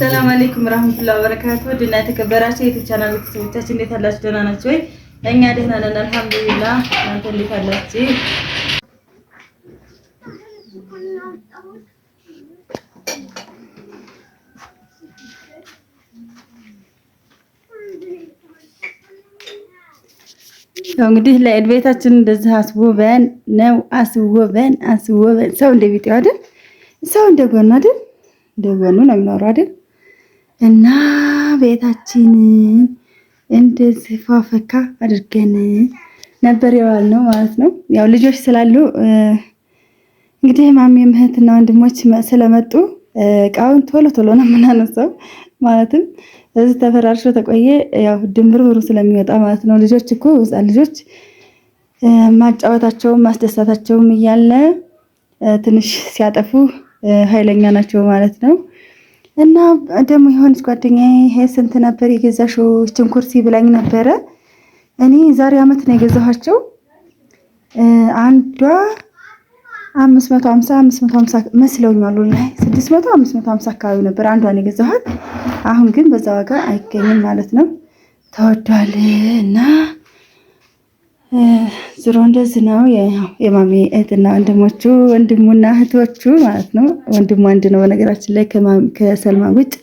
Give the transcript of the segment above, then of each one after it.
ሰላም አለይኩም ረህመቱላሂ ወበረካቱ። ድና የተከበራችሁ የቻናል ቤተሰቦቻችን እንዴት አላችሁ? ደህና ናችሁ ወይ? እኛ ደህና ነን አልሐምዱሊላህ። እናንተ እንዴት አላችሁ? ያው እንግዲህ ለኢድ ቤታችን እንደዚህ አስውበን ነው አስውበን አስውበን ሰው እንደ ቢጤው አይደል? ሰው እንደ ጎኑ አይደል? እንደ ጎኑ ነው የሚኖረው አይደል? እና ቤታችንን እንደዚህ ፏፈካ አድርገን ነበር የዋል ነው ማለት ነው። ያው ልጆች ስላሉ እንግዲህ ማሚ ምህትና ወንድሞች ስለመጡ እቃውን ቶሎ ቶሎ ነው የምናነሳው። ማለትም እዚህ ተፈራርሾ ተቆየ ያው ድንብርብሩ ስለሚወጣ ማለት ነው። ልጆች እኮ ህፃን ልጆች ማጫወታቸውም ማስደሳታቸውም እያለ ትንሽ ሲያጠፉ ኃይለኛ ናቸው ማለት ነው። እና ደግሞ የሆነች ጓደኛ ይሄ ስንት ነበር የገዛሽው ይችን ኩርሲ ብላኝ ነበረ። እኔ ዛሬ አመት ነው የገዛኋቸው። አንዷ አምስት መቶ ሀምሳ አምስት መቶ ሀምሳ መስለውኛል ላይ ስድስት መቶ አምስት መቶ ሀምሳ አካባቢ ነበር አንዷን የገዛኋት። አሁን ግን በዛ ዋጋ አይገኝም ማለት ነው። ተወዷል እና ዝሮ እንደዚህ ነው። የማሜ እህትና ወንድሞቹ ወንድሙና እህቶቹ ማለት ነው። ወንድሙ አንድ ነው በነገራችን ላይ ከሰልማ ውጭ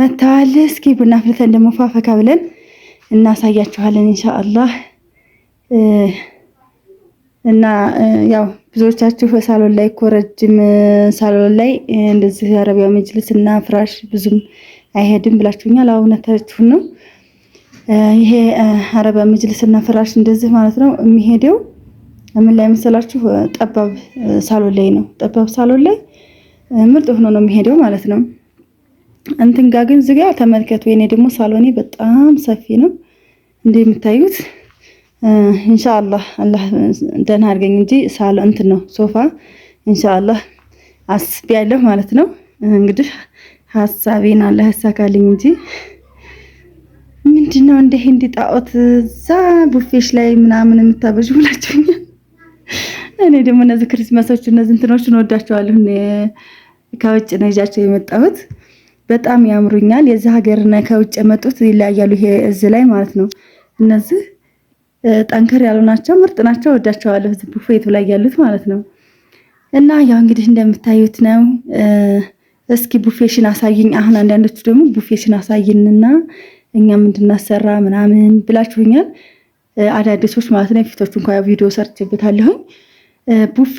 መተዋል። እስኪ ቡና ፍልተን ደግሞ ፏፈካ ብለን እናሳያችኋለን ኢንሻአላህ። እና ያው ብዙዎቻችሁ በሳሎን ላይ እኮ ረጅም ሳሎን ላይ እንደዚህ አረቢያ መጅልስ እና ፍራሽ ብዙም አይሄድም ብላችሁኛል። እውነታችሁን ነው። ይሄ አረባ መጅልስና ፍራሽ እንደዚህ ማለት ነው የሚሄደው ምን ላይ መሰላችሁ? ጠባብ ሳሎን ላይ ነው። ጠባብ ሳሎን ላይ ምርጥ ሆኖ ነው የሚሄደው ማለት ነው። እንትን ጋ ግን ዝጋ ተመልከቱ። የኔ ደግሞ ሳሎኔ በጣም ሰፊ ነው እንደምታዩት። ኢንሻአላህ አላህ ደህና አድርገኝ እንጂ ሳሎን እንትን ነው ሶፋ ኢንሻአላህ አስቤያለሁ ማለት ነው። እንግዲህ ሀሳቤን አላህ ያሳካልኝ እንጂ ምንድነው እንደ ህንድ ጣዖት እዛ ቡፌሽ ላይ ምናምን የምታበዥ ብላችሁኛል። እኔ ደግሞ እነዚህ ክርስትመሶች እነዚህ እንትኖችን ወዳቸዋለሁ። ከውጭ ነው ይዣቸው የመጣሁት። በጣም ያምሩኛል። የዚህ ሀገርና ከውጭ የመጡት ይለያያሉ። ይሄ እዚህ ላይ ማለት ነው። እነዚህ ጠንከር ያሉ ናቸው፣ ምርጥ ናቸው። ወዳቸዋለሁ። እዚህ ቡፌቱ ላይ ያሉት ማለት ነው። እና ያው እንግዲህ እንደምታዩት ነው። እስኪ ቡፌሽን አሳይኝ። አሁን አንዳንዶቹ ደግሞ ቡፌሽን አሳይንና እኛም እንድናሰራ ምናምን ብላችሁኛል። አዳዲሶች ማለት ነው። የፊቶቹ እንኳ ቪዲዮ ሰርችበታለሁኝ። ቡፌ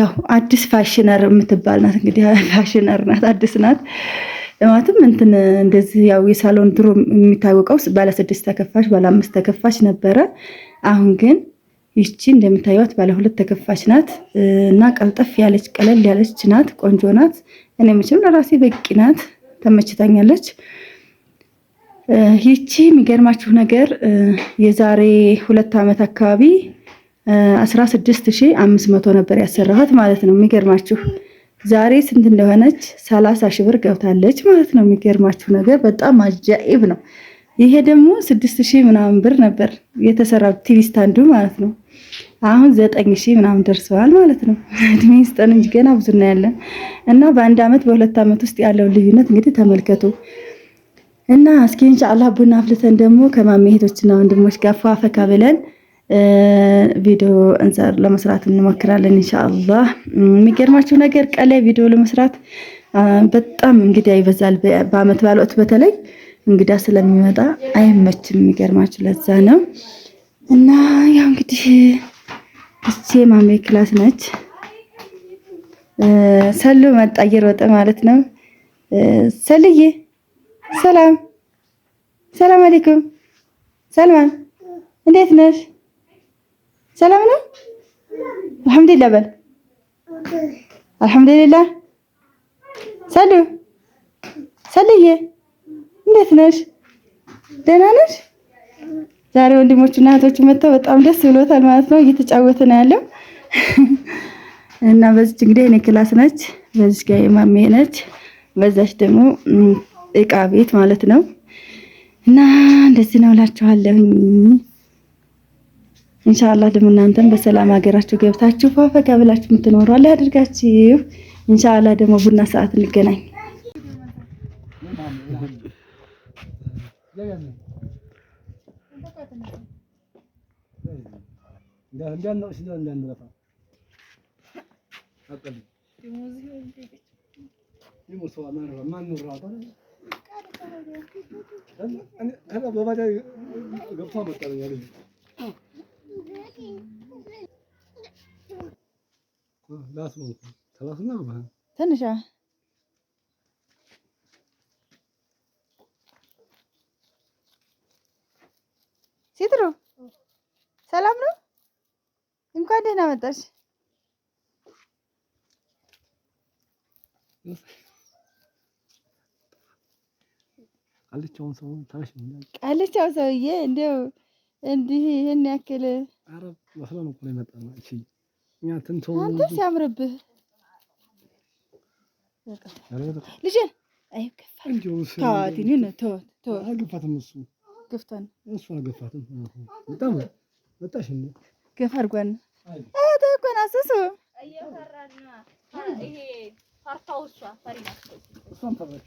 ያው አዲስ ፋሽነር የምትባል ናት። እንግዲህ ፋሽነር ናት፣ አዲስ ናት። ማለትም እንትን እንደዚህ ያው የሳሎን ድሮ የሚታወቀው ባለስድስት ተከፋሽ ባለአምስት ተከፋሽ ነበረ። አሁን ግን ይቺ እንደምታዩት ባለ ሁለት ተከፋች ናት እና ቀልጠፍ ያለች ቀለል ያለች ናት። ቆንጆ ናት። እኔ ምችም ለራሴ በቂ ናት። ተመችታኛለች። ይቺ የሚገርማችሁ ነገር የዛሬ ሁለት ዓመት አካባቢ 16500 ነበር ያሰራኋት ማለት ነው። የሚገርማችሁ ዛሬ ስንት እንደሆነች 30 ሺህ ብር ገብታለች ማለት ነው። የሚገርማችሁ ነገር በጣም አጃኢብ ነው። ይሄ ደግሞ 6000 ምናምን ብር ነበር የተሰራው ቲቪ ስታንዱ ማለት ነው። አሁን 9000 ምናምን ደርሰዋል ማለት ነው። እድሜ እንጂ ገና ብዙ እናያለን። እና በአንድ ዓመት በሁለት ዓመት ውስጥ ያለውን ልዩነት እንግዲህ ተመልከቱ። እና እስኪ እንሻላ ቡና አፍልተን ደግሞ ከማሜ ወንድሞች ጋር ፏፈካ ብለን ቪዲዮ እንሰር ለመስራት እንሞክራለን እንሻአላ የሚገርማችሁ ነገር ቀላይ ቪዲዮ ለመስራት በጣም እንግዳ ይበዛል። በአመት ባለወቅት በተለይ እንግዳ ስለሚመጣ አይመችም። የሚገርማችሁ ለዛ ነው። እና ያው እንግዲህ እቺ ማሜ ክላስ ነች። ሰሉ መጣ ወጠ ማለት ነው ሰልዬ ሰላም ሰላም አለይኩም። ሰልማን እንዴት ነሽ? ሰላም ነው። አልሐምዱሊላህ በል አልሐምዱሊላህ። ሰሉ ሰልዬ እንዴት ነሽ? ደህና ነሽ? ዛሬ ወንድሞቹ እና እህቶቹ መጥተው በጣም ደስ ብሎታል ማለት ነው። እየተጫወተ ነው ያለው እና በዚች እንግዲህ እኔ ክላስ ነች፣ በዚች ጋር የማሜ ነች፣ በዛች ደግሞ እቃ ቤት ማለት ነው። እና እንደዚህ ነው እላችኋለሁ። ኢንሻአላህ ደግሞ እናንተም በሰላም ሀገራችሁ ገብታችሁ ፋፈጋ ብላችሁ የምትኖሩ አለ ያድርጋችሁ። ኢንሻአላህ ደግሞ ቡና ሰዓት እንገናኝ። በባዳ ገብቶ መጣለኛ ልጅ ትንሽ ሲጥሩ ሰላም ነው። እንኳን ደህና መጣሽ። ቃልቻውን ሰው ታሽ ቃልቻው ሰውዬ እንደው እንዲህ ይሄን ያክል አረብ መስላ ነው ቆይ መጣ ነው እሺ። እኛ ትንቶ አንተ ሲያምርብህ ልጄን አይ ከፋ አልገፋትም እሱ እሱ አልገፋትም በጣም መጣሽ እንዴ ገፋ አድርጓን አይ ተቆና እየፈራና ይሄ ፈርታው እሷ ፈሪ እሷን ፈራች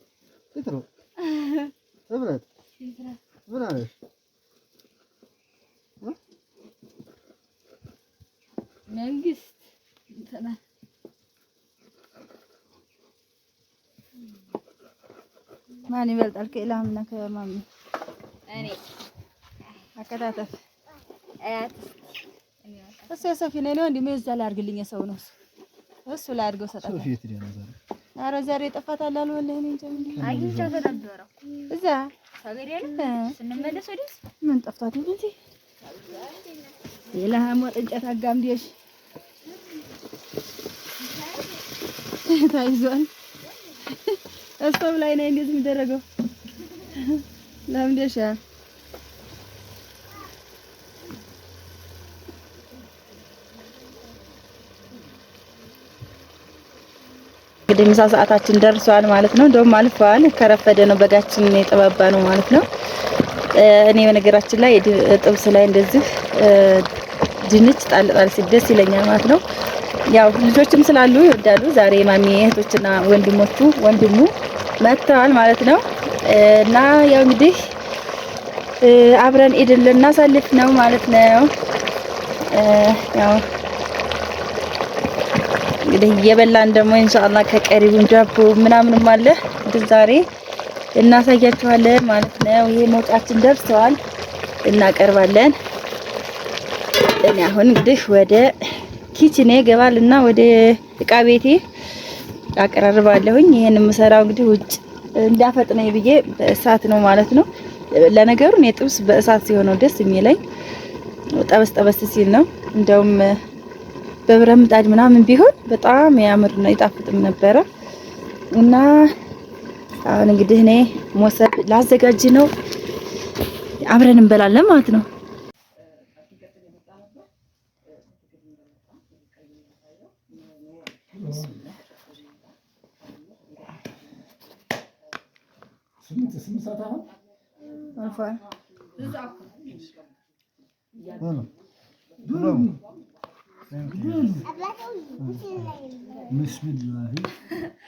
ማን ይበልጣል ከኢልሃምና ከማሚ? እኔ አከታተፍ አያት እሱ የሶፊ ነው። እኔ ወንድሜ እዛ ላድርግልኝ የሰው ነው እሱ ላድርገው ሰጠታ ኧረ ዛሬ ጠፋታል አሉ ወላሂ እኔ እንጃ አግኝቻት ነበረ እዛ ስንመለስ ወዲህ ምን ጠፍቷት እንጂ የኢልሃም ወጥ እንጨት አጋምዴሽ ታይዟል። እስቶብ ላይ ነው እንዴት የሚደረገው? ለምደሻ እንግዲህ ምሳ ሰዓታችን ደርሷል ማለት ነው። እንደውም አልፏል። ከረፈደ ነው በጋችን የጠባባ ነው ማለት ነው። እኔ በነገራችን ላይ ጥብስ ላይ እንደዚህ ድንች ጣል ጣል ሲደስ ይለኛል ማለት ነው። ያው ልጆችም ስላሉ ይወዳሉ። ዛሬ ማሚ እህቶችና ወንድሞቹ ወንድሙ መጥተዋል ማለት ነው። እና ያው እንግዲህ አብረን ኢድን ልናሳልፍ ነው ማለት ነው። ያው እንግዲህ እየበላን ደግሞ ኢንሻአላህ ከቀሪቡን ጃቦ ምናምንም አለ እንግዲህ ዛሬ እናሳያችኋለን ማለት ነው። ይሄ መውጫችን ደርሰዋል፣ እናቀርባለን። እኔ አሁን እንግዲህ ወደ ኪችኔ ገባልና ወደ እቃ ቤቴ አቀራርባለሁኝ። ይሄን የምሰራው እንግዲህ ውጭ እንዳፈጥነኝ ብዬ በእሳት ነው ማለት ነው። ለነገሩ እኔ ጥብስ በእሳት ሲሆነው ደስ የሚለኝ ጠበስ ጠበስ ሲል ነው። እንደውም በብረት ምጣድ ምናምን ቢሆን በጣም ያምር ነው ይጣፍጥም ነበረ እና አሁን እንግዲህ እኔ ሞሰብ ላዘጋጅ ነው። አብረን እንበላለን ማለት ነው። Sumit, sumit sa tahan? Ano Durun. Durun. Bismillah.